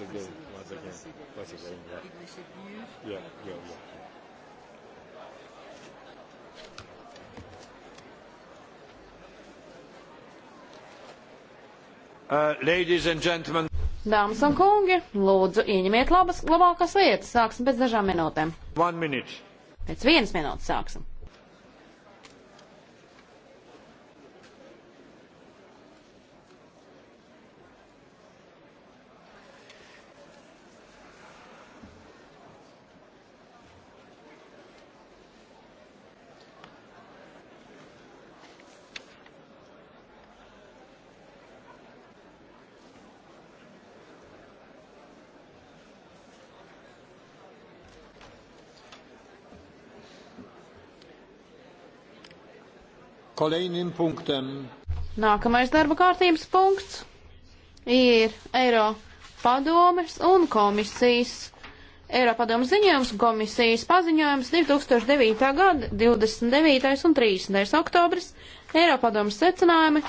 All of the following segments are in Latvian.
once again, once again, once again, yeah. Yeah, yeah, yeah. Uh, ladies and gentlemen. Dāmas un kungi, lūdzu, ieņemiet labas, labākās vietas. Sāksim pēc dažām minūtēm. One minute. Pēc vienas minūtes sāksim. Kolejnim punktam. Nākamais darba kārtības punkts ir Eiro padomes un komisijas. Eiro padomes ziņojums, komisijas paziņojums 2009. gada 29. un 30. oktobris, Eiro padomes secinājumi,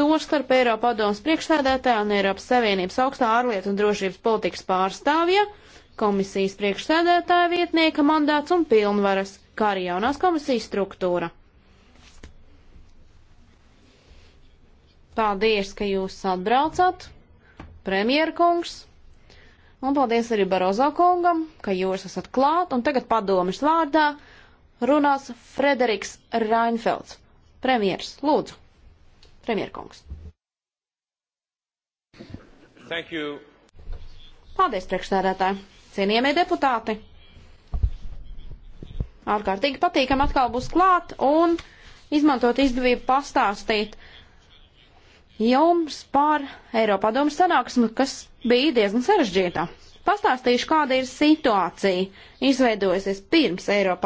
tostarp Eiro padomes priekšsēdētāja un Eiropas Savienības augstā ārlietu un drošības politikas pārstāvja, komisijas priekšsēdētāja vietnieka mandāts un pilnvaras, kā arī jaunās komisijas struktūra. Paldies, ka jūs atbraucat, premjerkungs. Un paldies arī Barozo kungam, ka jūs esat klāt. Un tagad padomis vārdā runās Frederiks Reinfelds. Premjers, lūdzu. Premjerkungs. Thank you. Paldies, priekšstādētāji. Cienījamie deputāti. Ārkārtīgi patīkam atkal būs klāt un izmantot izdevību pastāstīt jums par Eiropadomu sanāksmi, kas bija diezgan sarežģīta. Pastāstīšu, kāda ir situācija izveidojusies pirms Eiropā.